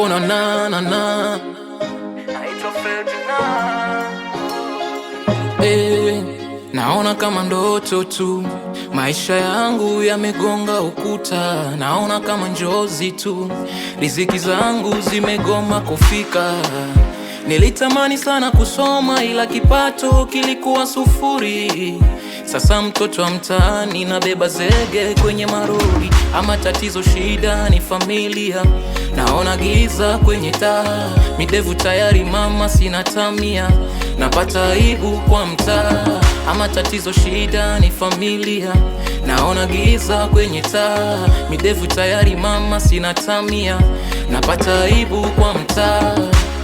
Oh na na na na. Hey, eh, naona kama ndoto tu, maisha yangu yamegonga ukuta, naona kama njozi tu, riziki zangu zimegoma kufika. Nilitamani sana kusoma ila kipato kilikuwa sufuri. Sasa mtoto wa mtaani nabeba zege kwenye marori ama tatizo shida ni familia. Naona giza kwenye taa, midevu tayari mama sina tamia, napata aibu kwa mtaa, ama tatizo shida ni familia. Naona giza kwenye taa, midevu tayari mama sina tamia, napata aibu kwa mtaa.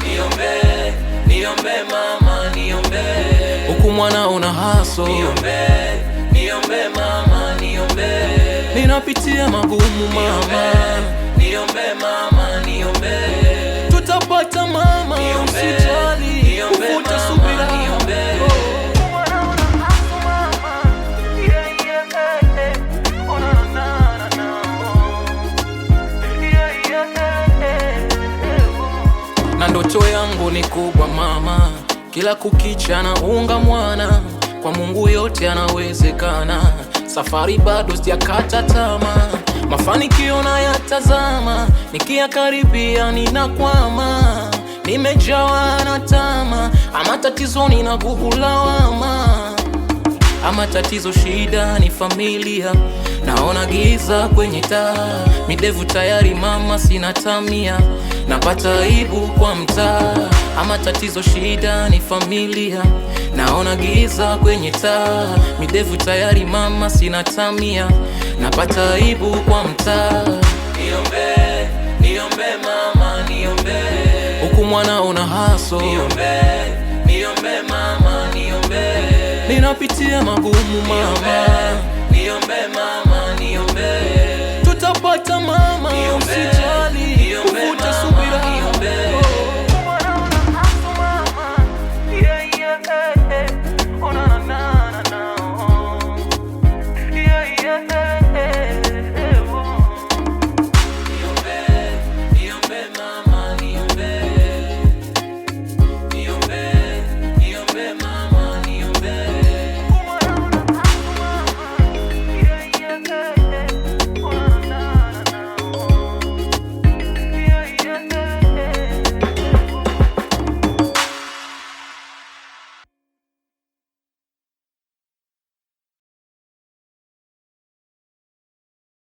Niombe, niombe mama, niombe. Huku mwana una haso. Niombe. Niombe mama, niombe. Ninapitia magumu mama, niombe mama, niombe. Tutapata mama, usijali, ufute subira. ndoto yangu ni kubwa mama, kila kukicha naunga mwana kwa Mungu yote yanawezekana, safari bado sijakata tamaa, mafanikio nayatazama yatazama, nikiyakaribia ninakwama, nimejawa na tamaa, ama tatizo nina gugu lawama, ama tatizo shida ni familia, naona giza kwenye taa, midevu tayari mama sina tamia napata aibu kwa mtaa, ama tatizo shida ni familia, naona giza kwenye taa, midevu tayari mama sina tamia, napata aibu kwa mtaa. Niombe, niombe mama, niombe huku mwana una haso. Niombe, niombe mama, niombe ninapitia magumu mama, niombe, niombe mama